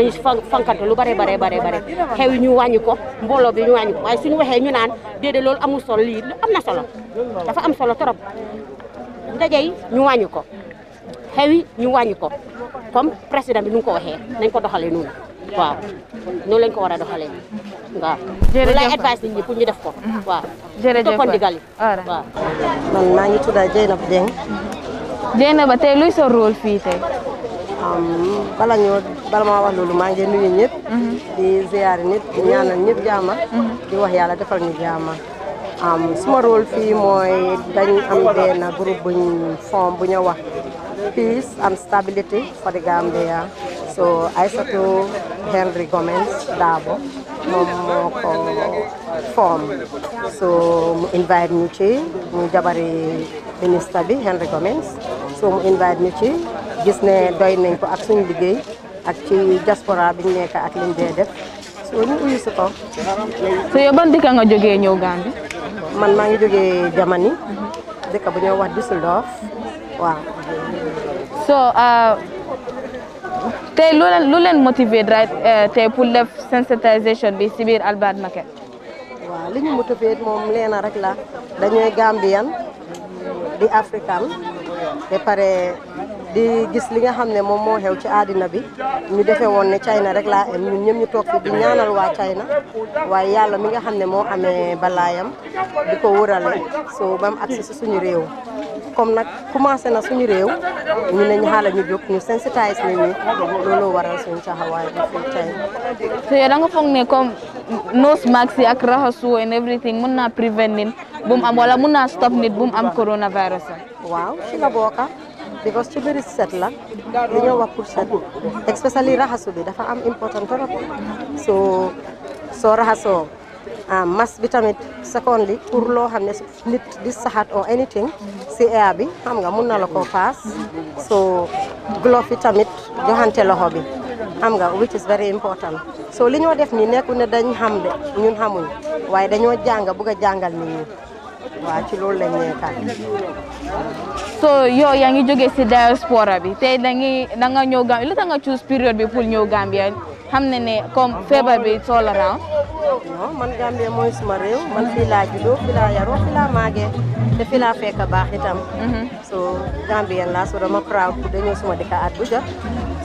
dañu si fankante lu bare bare bare bare ñu wàññi ko mbooloo bi ñu wàññi ko waaye suñu waxee ñu naan déedéet loolu amul solo lii am na solo dafa am solo trop ndaje ñu wàññi ko xew ñu wàññi ko comme président bi nu ko waxee nañ ko doxalee noonu waaw noonu lañ ko war a doxalee waaw. jërëjëf lay advice nit ñi pour ñu def ko. Mhm. waaw jërëjëf toppoon digal waaw. man maa ngi tudd Dieynaba Dieng. Dieynaba tey luy sa fii tey. bala ñoo bala maa wax loolu maa ngi nuyu ñëpp mhm. di ziyaari nit di ñaanal jaama mhm. di wax yàlla defal ñu jaama suma rôle fii mooy dañ am benn groupe buñ fond bu ñu wax peace and stability for the Gambia so Aïssatou Henry Gomez Dabo moom moo ko form so mu invite ñu ci mu jabari ministre bi Henry Gomez so mu invite ñu ci gis ne doy nañ ko ak suñu liggéey ak ci diaspora bi ñu nekk ak liñ dee def soo ñu uyu su ko so yow ban dëkka nga jógee ñëw gambi man maa ngi jógee jamani dëkk bu ñoo wax düsseldorf waaw so uh, tey lu leen lu leen motivé right eh, tey pour def sensitisation bi si biir albert market waaw li ñu motivé moom leena rek la dañuy gambian di african ba pare di gis li nga xam ne moom moo xew ci àddina bi ñu defee woon ne China rek la am ñun ñëpp ñu toog fi di ñaanal waa China waaye yàlla mi nga xam ne moo amee balaayam di ko wërale soo ba mu agsi si suñu réew comme nag commencé na suñu réew ñu ne ñu xaaral ñu jóg ñu sensitise nit ñi loolu waral suñu taxawaay bi fii China. te da nga foog ne comme nose mask yi ak raxasu and everything mun naa prevent nit bu mu am wala mun naa stop nit bu mu am coronavirus. waaw ci la bokk because ci biir set la dañoo wax pour set especially raxasu bi dafa am important trop so soo raxasoo ah, mas bi tamit secondly pour loo xam ne nit di saxat or anything si air bi xam nga mun na la ko paas so glove yi tamit joxante loxo bi xam nga which is very important soo li ñoo def nii nekku ne dañ xam de ñun xamuñ waaye dañoo jàng bugg a jàngal nit ñi waaw ci loolu lañ nekkaat. so yow yaa ngi jógee si diaspora bi tey da nga ñëw Gambia lu tax nga choose période bi pour ñëw Gambia xam ne ne comme feebar bi it's all around. non man Gambia mooy suma réew man fii laa juddoo fii laa yaroo fii laa màggee te fii laa fekk baax itam. Mhm. so Gambien laa so dama proud pour dañoo suma dëkk at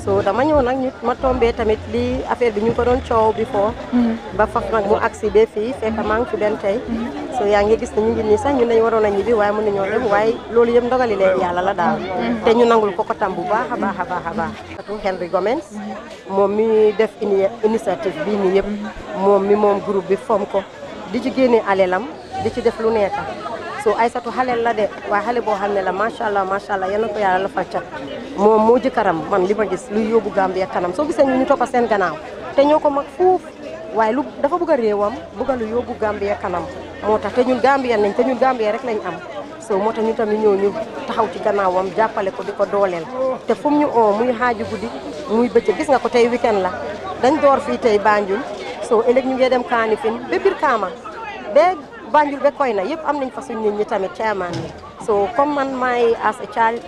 so dama ñëw nag ñu ma tombee tamit li affaire bi ñu ko doon coow bi foo mm-hmm. ba faf nag mu agsi ba fii fekk maa ngi benn tey mm-hmm. so yaa ngi gis ne ñu ngi nii sax ñun ñu waroon a ñibbi waaye mën ñoo dem waaye loolu yëpp ndogali leen yàlla la daal mm-hmm. te ñu nangul ko ko tam bu baax a baax a baax a baax Henry Gomez moom mi def initiative bii nii yëpp moom mi moom group bi foom ko di ci génnee alelam di ci def lu nekk so Aysatu xale la de waaye xale boo xam ne la macha allah macha allah yal na ko yàlla la fal cat moom moo jëkkaram man li ma gis luy yóbbu Gambia kanam soo gisee ñu ñu toppa seen gannaaw te ñoo ko mag fuuf waaye lu dafa bëgg a réewam bëgg a lu yóbbu kanam moo tax te ñun Gambien nañ te ñun Gambien rek lañ am so moo tax ñu tamit ñëw ñu taxaw ci gannaawam jàppale ko di ko dooleel te fu ñu oo muy xaaju guddi muy bëccëg gis nga ko tey weekend la dañ door fii tey Banjul so ëllëg ñu ngee dem Kanifing ba biir Banjul ba koy na yëpp am nañ fa suñ nit ñi tamit chairman yi so comme man maay as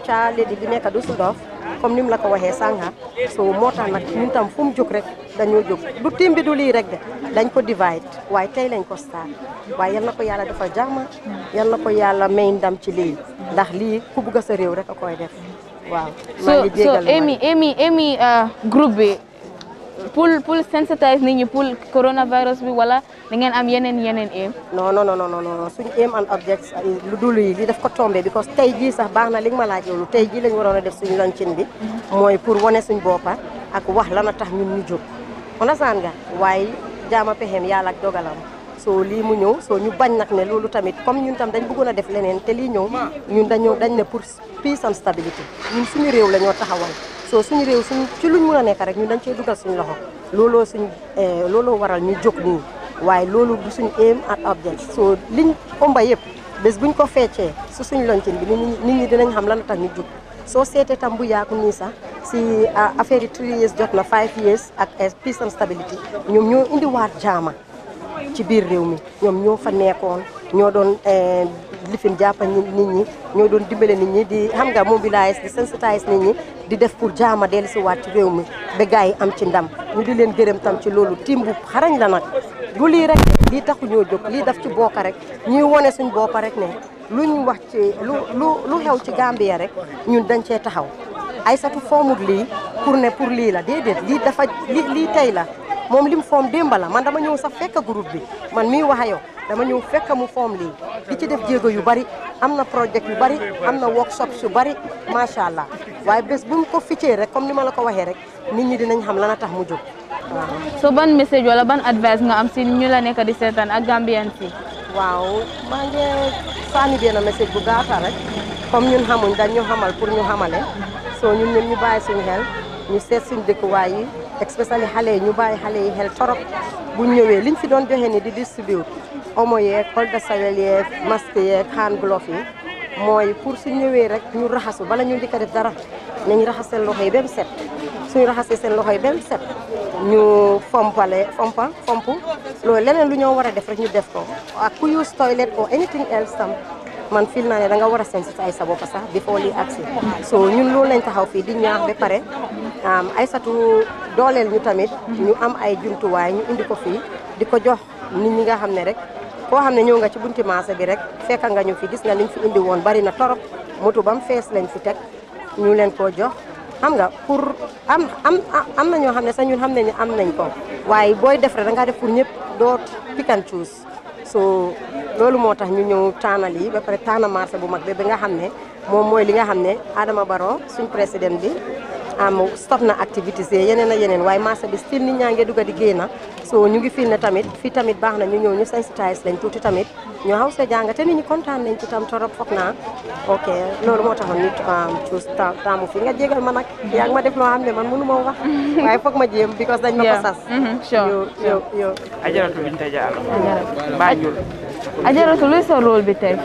ca lady bi nekk Dusseldorf comme ni mu la ko waxee sànga soo moo tax nag ñun tam fu mu jóg rek dañoo jóg du tim bi du lii rek de dañ ko divide waaye tey lañ ko start waaye yal na ko yàlla defal jàmm yal na ko yàlla may ndam ci lii ndax lii ku bugg sa réew rek a koy def waaw. maa ngi jégalu so so Amy Amy Amy uh, groupe bi. pour pour ni nit ñi pour coronavirus bi wala da ngeen am yeneen yeneen aim. non non no non non suñu aim and objects lu dul yi li def ko tombé because tey jii sax baax na li nga ma laaj loolu tey ji lañ waroon a def suñu lancin bi. Mhm. mooy pour wane suñ boppa ak wax lan a tax ñun ñu jóg. onasaan nga waaye jaama pexem yàlla ak dogalam. soo lii mu ñëw soo ñu bañ nag ne loolu tamit comme ñun tam dañ bëggoon a def leneen te lii ñëw ñun dañoo dañ ne pour peace and stability ñun suñu la ñoo taxawal. soo suñu réew suñ ci luñ mën a nekk rek ñun dañ cey dugal suñu loxo looloo suñu eh, looloo waral ñu jóg nii waaye loolu bu suñu aim ak object soo liñ omba yëpp bés buñ ko feccee su suñu loncin bi nit ñi dinañ xam lan la tax ñu jóg soo seetee tam bu yaaku nii sax si affaire yi three years jot na five years ak eh, peace and stability ñoom ñoo indiwaat jaama ci biir réew mi ñoom ñoo fa nekkoon ñoo doon eh, lifin jàppa nit ñi ñoo doon dimbale nit ñi di xam nga mobiliser di sensitiser nit ñi di def pour jaama dellu si waat ci réew mi ba gars yi am ci ndam mu di leen gërëm tam ci loolu tim bu xarañ la nag bu lii rek lii taxu ñoo jóg lii daf ci bokk rek ñuy wone suñ bopp rek ne lu ñu wax ci lu lu lu xew ci Gambia rek ñun dañ cee taxaw ay Aysatu foomut lii pour ne pour lii la déedéet lii dafa lii tey la moom li mu foom démb la man dama ñëw sax fekk groupe bi man mi wax yow dama ñëw fekk mu foom lii di ci def jéego yu bari am na projet yu bari am na workshop yu bari macha allah waaye bés bu mu ko ficcee rek comme ni ma la ko waxee rek nit ñi dinañ xam lan a tax mu jóg waaw. so ban message wala ban advice nga am si ñu la nekk di seetaan ak Gambien si. waaw maa ngi sànni benn message bu gaafa rek comme ñu xamuñ dañ ñu xamal pour ñu xamale soo ñun ñun ñu bàyyi suñu ñu seet suñu dëkkuwaay yi. especially xale yi ñu bàyyi xale yi xel torop bu ñëwee liñ fi doon joxe ni di distribute omo yeeg col de sawel yeeg masque yeeg hand glove yi mooy pour su ñëwee rek ñu raxasu bala ñu njëkk a def dara nañ raxas seen loxo yi bem set suñu raxasee seen loxo yi ba set ñu fompale fompa fomp loolu leneen lu ñoo war a def rek ñu def ko ak ku toilet or anything else tam man fil naa ne da nga war a sensitiser sa bopp sax before lii agsi so ñun loolu lañ taxaw fii di ñaax ba pare Aysatu dooleel ñu tamit ñu am ay jumtuwaay ñu indi ko fii di ko jox nit ñi nga xam ne rek koo xam ne ñëw nga ci bunti marché bi rek fekka nga ñu fi gis nga liñ fi indi woon bari na torop moto bam fees lañ fi teg ñu leen koo jox xam nga pour am am na ñoo xam ne sax ñun xam nañu am nañ ko waaye booy def rek da ngaa def pour ñëpp doo pick choose so loolu moo tax ñu ñëw taanal yi ba pare taana marché bu mag bi bi nga xam ne moom mooy li nga xam ne Adama Barrow suñ président bi am stop na activités yi yeneen ak yeneen waaye marché bi still ni ñaa ngi dugg di génn so ñu ngi fil ne tamit fii tamit baax na ñu ñëw ñu sensitise lañ tuuti tamit ñu xaw sa jàng te nit ñi kontaan nañ tam torop foog naa ok loolu moo taxoon nit um, cuus taamu fi nga jégal ma nag yaa ngi ma def loo xam ne man mënu ma wax waaye foog ma jéem because dañ ma ko sas yow mm-hmm, yow yo ajaratu biñ tey jaal Banjul ajaratu luy sa rôle bi tey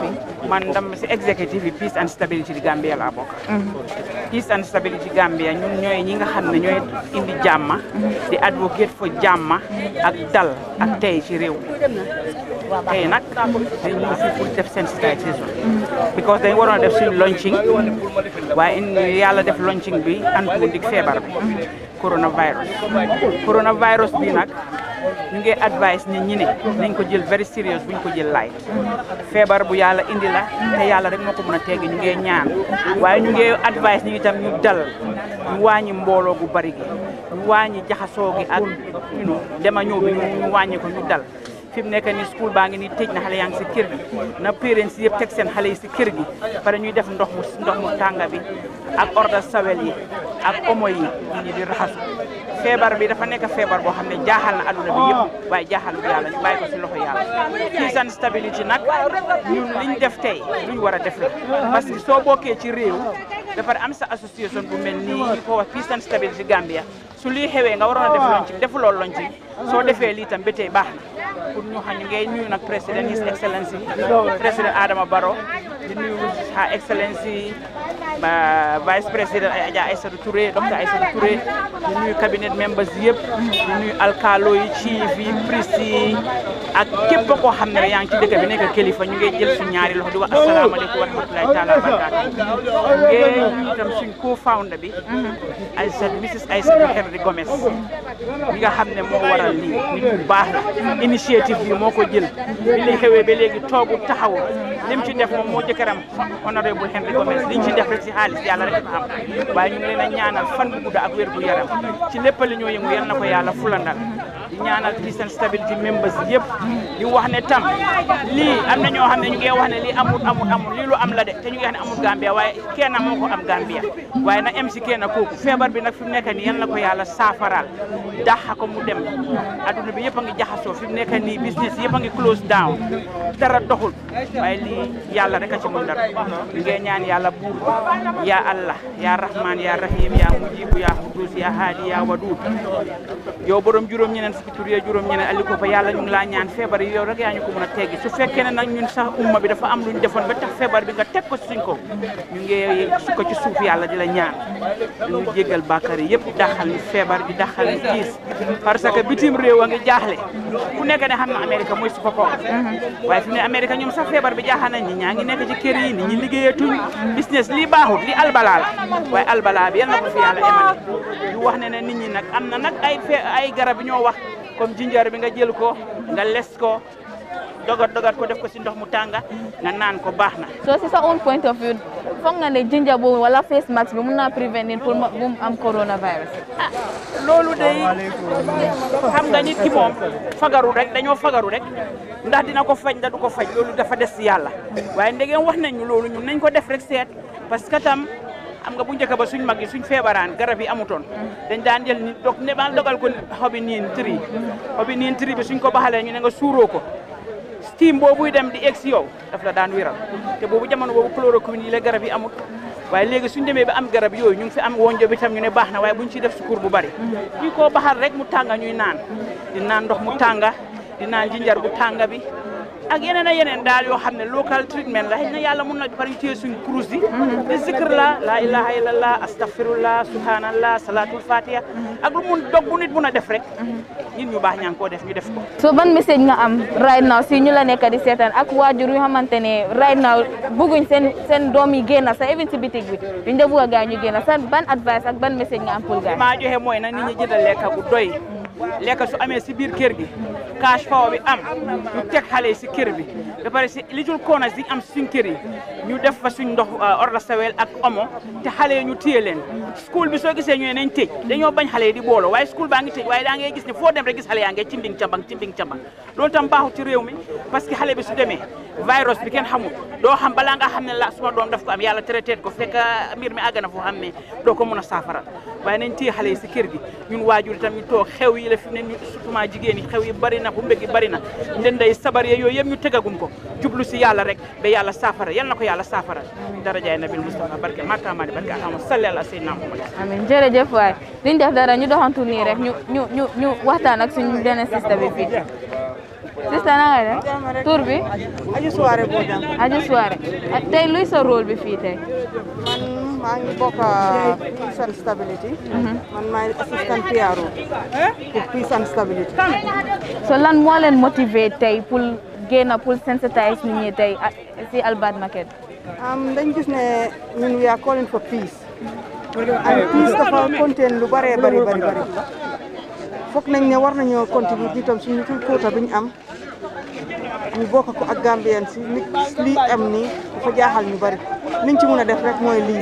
man dama si exécutif yi peace and stability Gambia laa bokk. Mhm. peace and stability Gambia ñun ñooy ñi nga xam ne ñooy indi jàmma di advocate for jàmma ak dal ak tey ci réew mi tey nag dañ ñëw fii pour def sensitisation mhm. because dañ waroon a def suñu launching waaye yàlla def launching bi antu dig feebar bi mhm. coronavirus coronavirus bi nag ñu ngi advice nit ñi ne nañ ko jël very serious buñ ko jël light feebar bu yàlla indi la te yàlla rek moo ko mën a teggi ñu ngi ñaan waaye ñu ngi advice ñu itam ñu dal ñu wàññi mbooloo gu bari gi ñu wàññi jaxasoo gi ak ñu dema ñëw bi ñu wàññi ko ñu dal fi mu nekk nii school baa ngi nii tëj na xale yaa ngi si kër gi na parents yëpp teg seen xale yi si kër gi pare ñuy def ndox mu ndox mu tànga bi ak orda sawel yi ak omo yi ñi di raxasu feebar bi dafa nekk feebar boo xam ne jaaxal na aduna bi yëpp waaye jaaxal bu yàlla ñu bàyyi ko si loxo yàlla peace and stability nag ñun liñ def tey luñ war a def la parce que soo bokkee ci réew dafa am sa association bu mel nii ñu ko wax peace and stability Gambia su lii xewee nga waroon a def ah, loñ ci defuloo loñ ci soo defee lii tam ba tey baax na pour ñu xam ñu ngay nuyu nag président his excellence yi président Adama baro di nuyu à excellence yi vice président ay Adja Aïssatou Touré docteur Aïssatou Touré di nuyu cabinet members yëpp di nuyu alkaalo yi chief yi priest ak képp koo xam ne rek yaa ngi ci dëkk bi nekk kilifa ñu ngi jël suñu ñaari loxo di wax asalaamaaleykum wa rahmatulahi taala wa barakaatu ngeen ñu itam suñ co-founder bi Aïssatou Mrs Aïssatou Henry Gomez mi nga xam ne moo waral lii nit bu baax la initiative bi moo ko jël bi li xewee ba léegi toogu taxaw lim ci def moom jëkkëram honorable Henry Gomez liñ ci def rek si xaalis yàlla rek ko xam waaye ñu ngi leen a ñaanal fan bu gudda ak wér gu yaram ci lépp li ñoo yëngu yal na ko yàlla fulandal ñaanal Christian stability members yëpp di wax ne tam lii am na ñoo xam ne ñu ngi wax ne lii amul amul lii lu am la de te ñu ngi wax ne amul Gambia waaye kenn moo ko am Gambia waaye na si kenn kooku feebar bi nag fi mu nekk nii yan la ko yàlla saafaraal daxa ko mu dem adduna bi yëpp a ngi jaxasoo fi mu nekk nii business yëpp ngi close down dara doxul waaye lii yàlla rek a ci dara ñu ngi yàlla buur ya Allah ya rahman ya rahim ya mujibu ya xudus ya fukki tur yooyu juróom ñeneen alliko fa yàlla ñu ngi ñaan feebar yi yow yaa ñu ko mën a teggi su fekkee ne ñun sax umma bi dafa am lu ñu defoon ba tax feebar bi nga teg ko suñ ko ñu ngi sukko ci suuf yàlla di la ñaan dañu jéggal bàkkaar yi yëpp daxal ñu feebar bi daxal ñu tiis parce que bitim réew a ngi jaaxle ku nekk ne xam na Amérique mooy su boppam mm-hmm. waaye fi mu ne Amérique ñoom sax feebar bi jaaxal nañ ñi ñaa ngi nekk ci kër yi nit ñi liggéeyatuñ business lii baaxut li albala la waaye albala bi yal na ko fi yàlla emane ñu wax ne ne nit ñi nag am ay ay garab ñoo wax comme jinjar bi nga jël ko nga les ko dogat dogat ko def ko si ndox mu tànga nga naan ko baax na. so si sa own point of view foog nga ne jinja boobu wala face mask bi mun naa prévenir pour bu mu am coronavirus. ah loolu de xam nga nit ki moom fagaru rek dañoo fagaru rek ndax dina ko faj ndax du ko faj loolu dafa des si yàlla waaye ndegeen wax nañ loolu ñun nañ ko def rek seet parce que tam. am nga bu njëkk ba suñ mag yi suñ feebaraan garab yi amutoon dañ daan jël ni donc ne baal dogal ko xobi niin tri xobi niin tri bi suñ ko baxalee ñu ne nga suuroo ko steam boobuy dem di egg si yow daf la daan wiral te boobu jamono boobu chloroquine yi la garab yi amut waaye léegi suñ demee ba am garab yooyu ñu ngi fi am wonjo bi tam ñu ne baax na waaye buñ ci def sukur bu bari ñu koo baxal rek mu tànga ñuy naan di naan ndox mu tànga di naan jinjar bu tànga bi ak yeneen a yeneen daal yoo xam ne local treatment la xëy na yàlla mun na defar ñu téye suñu kurus yi mm-hmm. te zikr la laa ilaha illallah astaghfirullah subhanallah salatul fatiha mm-hmm. ak lu mun dog bu nit mun a def rek mm-hmm. nit baax ñaa ngi koo def ñu def ko so ban message nga am right now si ñu la nekk di seetaan ak waajur yu xamante ne right now bëgguñ seen seen doom yi génn sa even si bitig bi duñ da bëgg a ñu génn sa ban advice ak ban message nga am pour gaay maa joxe mooy nag nit ñi jënd lekk bu doy lekk su amee si biir kër gi cash power bi am ñu teg xale yi si bi ba pare si little corners yi am suñ kër ñu def fa suñ ndox euh, orda sawel ak omo te xale yi ñu téye leen school bi soo gisee ñooy nañ tëj dañoo bañ xale yi di booloo waaye school baa ngi tëj waaye daa ngay gis ne foo dem rek gis xale yaa ngi cimbing cambang cimbing cambang loolu tam baaxu ci réew mi parce que xale bi su demee virus bi ken xamul do xam bala nga xamne la suma dom daf ko am yàlla traité ko fekk mbir mi agana fu xamne do ko meuna safara way nañ ti xale ci kër gi ñun waajur tam ñu tok xew yi la fi ne ñu surtout jigéen yi xew yi bari na bu mbegi bari na ndenday sabar ye yoy yem ñu tegagum ko jublu ci yàlla rek be yàlla safara yalla nako yalla safara dara jay nabi Mustafa barke ma maakaamaani barke alhamdu salli ala sayyidina amin jere jërëjëf way liñ def dara ñu doxantu ni rek ñu ñu ñu waxtaan ak suñu benn sista bi fi sista na nga def tur bi. Aji Suwaare boo jàng. Aji tey luy sa rôle bi fii tey. man maa ngi bokk peace and stability. Mhm. man maay assistant PRO peace and stability. so lan moo leen motivé tey pour génn pour sensitize nit ñi tey ah, si Albert Market. dañ gis ne ñun we are calling for peace. and peace dafa contain lu bare bëri bëri bëri. foog nañ ne war nañoo contribuer itam suñu tuuti quota bi ñu am. ñu bokk ko ak Gambien ci nit li am ni dafa jaaxal ñu bari niñ ci mëna def rek moy li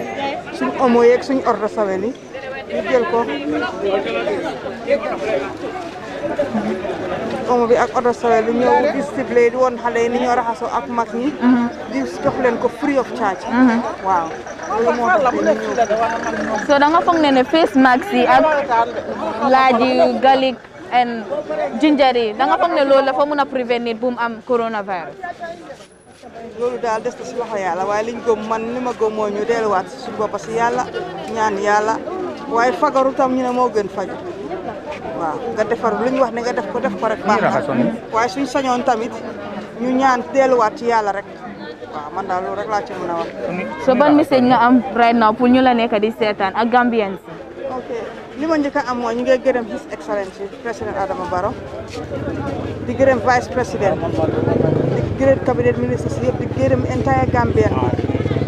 suñu omo yek suñu ordre sawé ni ñu jël ko omo bi ak ordre sawel bi ñëw di ciblé di won xalé ni ñoo raxaso ak mag ni mhm. di jox leen ko free of charge mhm. waaw so da nga fogné né face mask yi ak laaji galik and gingery da nga xamne ne la fa mën prévenir bu am coronavirus. loolu dal dess ci loxo yalla way liñ gëm man li ma gëm mooy ñu delluwaat si suñu bop si yalla ñaan yalla way fagaru tam ñu ne mo gën faju wa nga defar luñ wax ne nga def ko def ko rek baax way suñ sañon tamit ñu ñaan delu wat ci yalla rek wa man dal loolu rek la ci mëna wax. so ban message nga am right now pour ñu la nekk di sétane ak Gambians. ok li ma njëkk a am mooy ñu ngi gërëm his excellency président Adama Barrow di gërëm vice président di gërëm cabinet ministres yëpp gërëm entire Gambien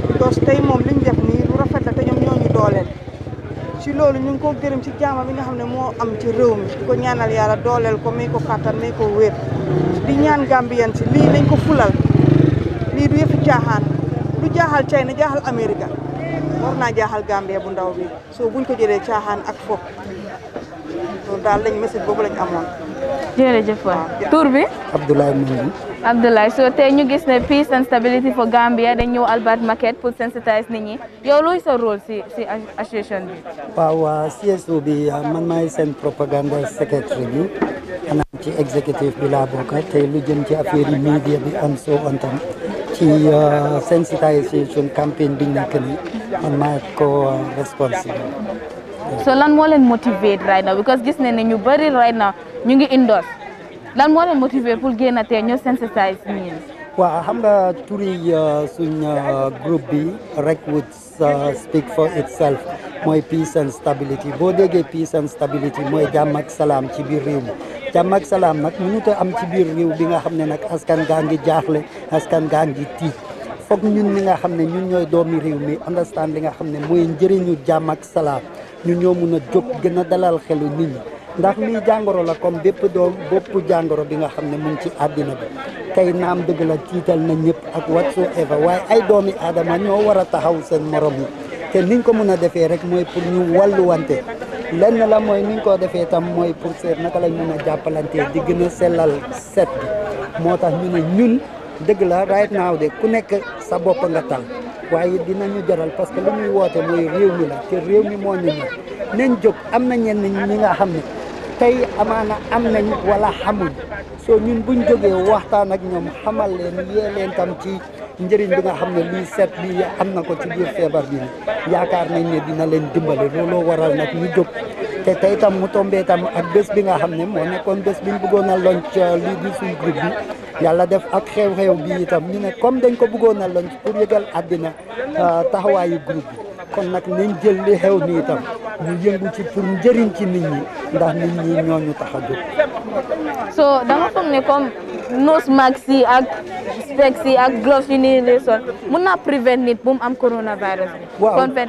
because tey moom li ñu nii lu rafet la te ñoom ñoo dooleel ci loolu ñu ngi ko gërëm ci jaama bi nga xam ne moo am ci réew mi di ko ñaanal yàlla dooleel ko may ko kàttan may ko wér di ñaan Gambien si lii nañ ko fulal lii du yëfi caaxaan du jaaxal China jaaxal Amérique war naa jaaxal Gambia bu ndaw bi so buñ ko jëlee caaxaan ak fo loolu daal lañ message boobu lañ amoon. jërëjëf waay tur bi. Abdoulaye Mendy. Abdoulaye so tey ñu gis ne peace and stability for Gambia dañ ñëw Albert Market pour sensitize nit ñi yow luy sa rôle si si association bi. waaw CSO bi ah, man maay seen propaganda secretary bi maanaam ci executive bi laa bokk te lu jëm ci affaire yi media bi am soo on tam ci ah, sensitisation campagne bi ñu nekk man maay ko so lan moo leen motivate right now because gis ne ni ñu bari right now ñu ngi indoor lan moo leen motivate pour génn tey ñoo sensitize ñi. waaw xam nga turi uh, suñ uh, groupe bi rek would uh, speak for itself mooy peace and stability boo déggee peace and stability mooy jàmm ak salaam ci biir réew mi jàmm ak salaam nag mënut a am ci biir réew bi nga xam ne nag askan gaa ngi jaaxle askan gaa ngi tiit. fokk ñun ñi nga xamne ñun ñoy doomi réew mi understand li nga xamne moy mooy njëriñu ak salaam ñun ñoo mëna a gëna dalal xelu nit ñi ndax lii jangoro la comme bëpp doom bëpp jangoro bi nga xamne mu ci adina bi tey naam dëgg la tital na ñëpp ak whatsoever way ay doomi adama ñoo wara taxaw seen morom yi té niñ ko mëna défé rek moy pour ñu wàlluwante lenn la moy niñ ko défé tam moy pour seet naka lañ mëna a di gëna sélal set bi tax ñu ne ñun dëgg la right now de ku nekk sa bopp nga tal waaye dinañu jaral parce que lu ñuy woote mooy réew mi la te réew mi moo ñu ñor nañ am na ñenn ñi nga xam ne tey amaana am nañ wala xamuñ soo ñun buñ jógee waxtaan ak ñoom xamal leen yee leen tam ci njëriñ bi nga xam ne lii seet lii am na ko ci biir feebar bi yaakaar nañ ne dina leen dimbale looloo waral nag ñu jóg te tey tam mu tombé ak bés bi nga xam ne moo nekkoon bés bi ñu bëggoon a lonc euh, lii di suñ groupe bi yàlla def ak xew-xew bi itam ñu ne comme dañ ko bëggoon a lonc pour yëgal àddina euh, taxawaayu groupe bi kon nag nañ jël li xew nii itam ñu yëngu ci pour njëriñ ci nit ñi ndax nit ñi ñooñu tax a jóg nose mask yi ak specs yi ak gloves yi nii nii sol mun naa prevent nit bu mu am coronavirus bi. waaw COVID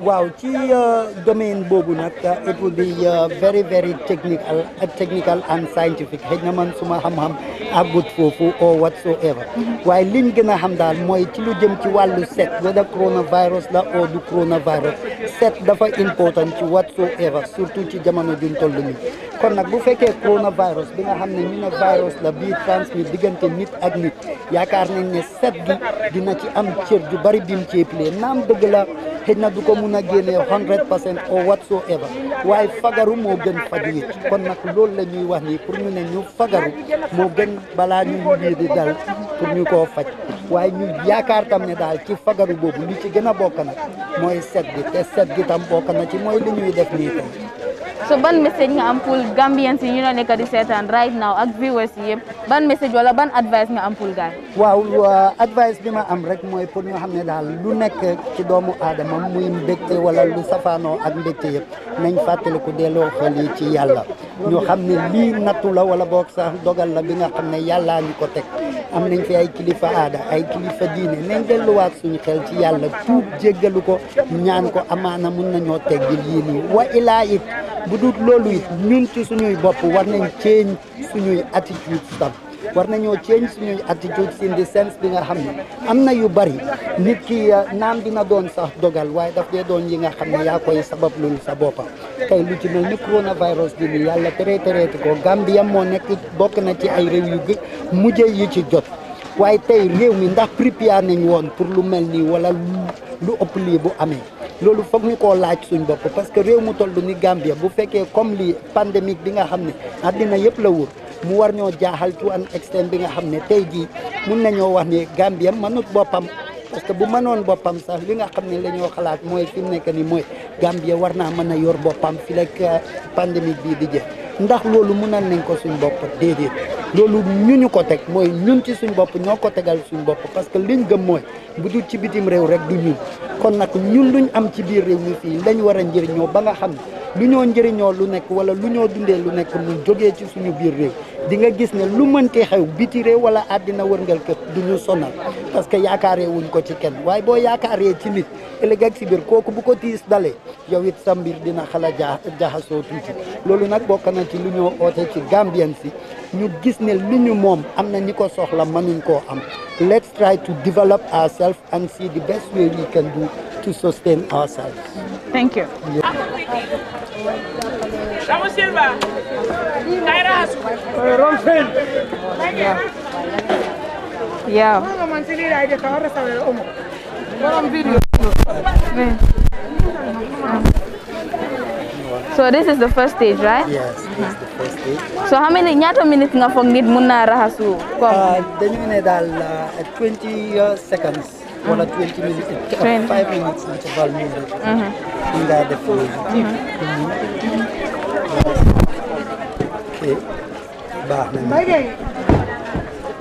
waaw ci euh, domaine boobu nag euh, it will be euh, very very technical technical and scientific xëy na man suma xam ak àggut foofu or whatsoever. Mhm. waaye liñ gën a xam daal mooy ci lu jëm ci wàllu set whether coronavirus la or du coronavirus set dafa important ci whatsoever surtout ci jamono juñ toll nii kon nag bu fekkee coronavirus bi nga xam ne ñu ne virus la bi transmis diggante nit ak nit yaakaar nañ ne set gi dina ci am cër ju bari bim ci lee naam dëgg la xëy na du ko mun a génne hundred percent or whatsoever waaye fagaru moo gën faju yi kon nag loolu la ñuy wax nii pour ñu ne ñu fagaru moo gën balaa ñu lii di dal pour ñu ko faj waaye ñu yaakaar tam ne daal ci fagaru boobu li ci gën a bokk nag mooy set gi te set gi tam bokk na ci mooy li ñuy def nii tam so ban message nga am pour Gambians yi ñu la nekk di seetaan right now ak viewers yi yëpp ban message wala ban advice nga am pour gars yi waaw advice bi ma am rek mooy pour ñu xam ne daal lu nekk ci doomu aadama muy mbégte wala lu safaanoo ak mbégte yépp nañ fàttaliku delloo xel ci yàlla ñu xam ne lii nattu la wala boog sax dogal la bi nga xam ne yàlla ñu ko teg am nañ fi ay kilifa aada ay kilifa diine nañ delluwaat suñu xel ci yàlla tuub jéggalu ko ñaan ko amaana mun nañoo teggil yii nii bu dul loolu it ñun ci suñuy bopp war nañ change suñuy attitude tam war nañoo change suñuy attitude in the sense bi nga xam ne am na yu bari nit ki euh, naam dina doon sax dogal waaye daf dee doon yi nga xam ne yaa koy sabab lul sa boppa tey lu ci mel ni coronavirus bi ni yàlla tere tere ko Gambia moo nekk bokk na ci ay réew yu mujj yi ci jot waaye tey réew mi ndax pripia nañ woon pour lu mel nii wala lu ëpp lii bu amé lolou fakk ñu ko laaj suñu bop parce que rew mu toll ni Gambia bu fekkee comme li pandémique bi nga xamné adina yépp la wóor mu war ñoo jaaxal tu an extrême bi nga xamné tay ji mën nañu wax ne Gambia manut bopam parce que bu mënoon bopam sax li nga xamné lañu xalaat moy fi nekk ni moy Gambia war naa mën yor bopam fi lek pandémique bi di jé ndax lolou mënal nañ ko suñu bop dédé loolu ñu ñu ko teg mooy ñun ci suñ bopp ñoo ko tegal suñ bopp parce que liñ gëm mooy bu dul ci bitim réew rek di ñun kon nag ñun lu ñu am ci biir réew mi fii lañ war a njëriñoo ba nga xam ni lu ñoo njëriñoo lu nekk wala lu ñoo dundee lu nekk mu jógee ci suñu biir réew di nga gis ne lu mënti xew biti réew wala àddina wërngal kër du ñu sonal parce que yaakaaree wuñ ko ci kenn waaye boo yaakaaree ci nit ëllëg si biir kooku bu ko tiis dalee yow it sa mbir dina xala jaa jaxasoo tuuti loolu nag bokk na ci lu ñoo oote ci Gambien si ñu gis ne lu ñu moom am na ñi ko soxla mënuñ koo am let's try to develop ourselves and see the best way we can to sustain ourselves. Thank you. Yeah. yeah. So this is the first stage, right? Yes, this is the first stage. So how many nyato minutes nga fong need muna rahasu? Uh, then you need al uh, uh, 20 uh, seconds. One or 20 minutes 5 minutes interval minde ɗi nga def ok Bye. Bye.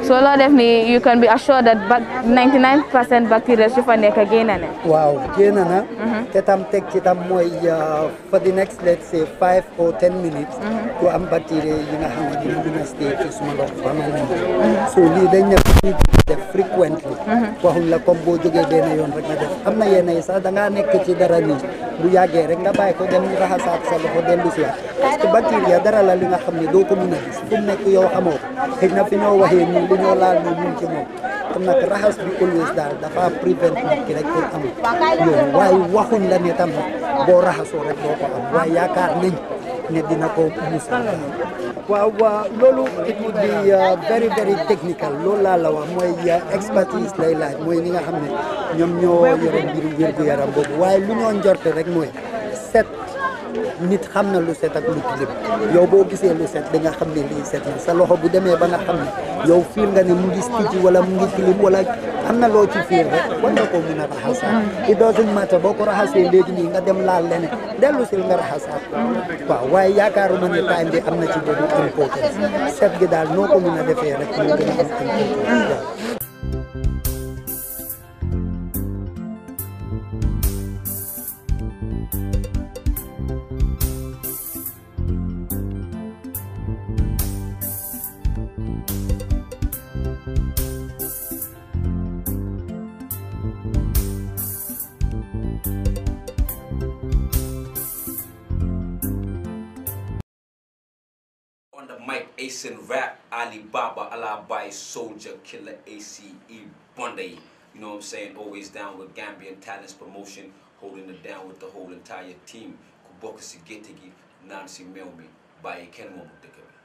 So of me, you can be assured that 99% bacteria shifa ne ka gena ne. Wow, gena na. Mm-hmm. Tetam tek kitam moy uh, for the next let's say 5 or 10 minutes mm-hmm. ko am bacteria yi nga xam ne dina stay ci suma ndox ba ma ñu. Mm-hmm. So li dañ ne ni def frequently. Waxul la comme boo jógee benn yoon rek nga def. Am na yenn da nga nekk ci dara ni bu yàggee rek nga bàyyi ko dem ñu raxasaat sa loxo dellu si waat parce que bacteria dara la li nga xam ne doo ko mun a gis fu mu nekk yow xamoo xëy fi ñoo waxee nii li ñoo laal ni mun ci moom kon nag raxas bi always daal dafa prevent nit ki rek pour am waaye waxuñ la ne tam boo raxasoo rek boo ko am waaye yaakaar nañ ne dina ko musal waaw waaw loolu it would be uh, very very technical loolu laa la wax mooy uh, expertise lay laaj mooy ñi nga xam ne ñoom ñoo yore mbiru gu yaram boobu waaye lu ñoo njorte rek mooy nit xam na lu set ak lu tilim yow boo gisee lu set di nga xam ne lii set na sa loxo bu demee ba nga xam ne yow fiir nga ne mu ngi tuuti wala mu ngi tilim wala am na loo ci fiir rek war nga koo mun a raxasaat boo ko raxasee léegi nii nga dem laal leneen dellu sil nga raxasaat waaw waaye yaakaaruma ne time bi am na ci boobu importance set gi daal noo ko mun a defee rek moo gën a am importance rap Alibaba, Alabai, Soldier, Killer, ACE, Bundy. You know what I'm saying? Always down with Gambian Talents Promotion, holding it down with the whole entire team. Kuboka Sigetegi, Nancy Melmi, Baye Kenmo Mudekebe.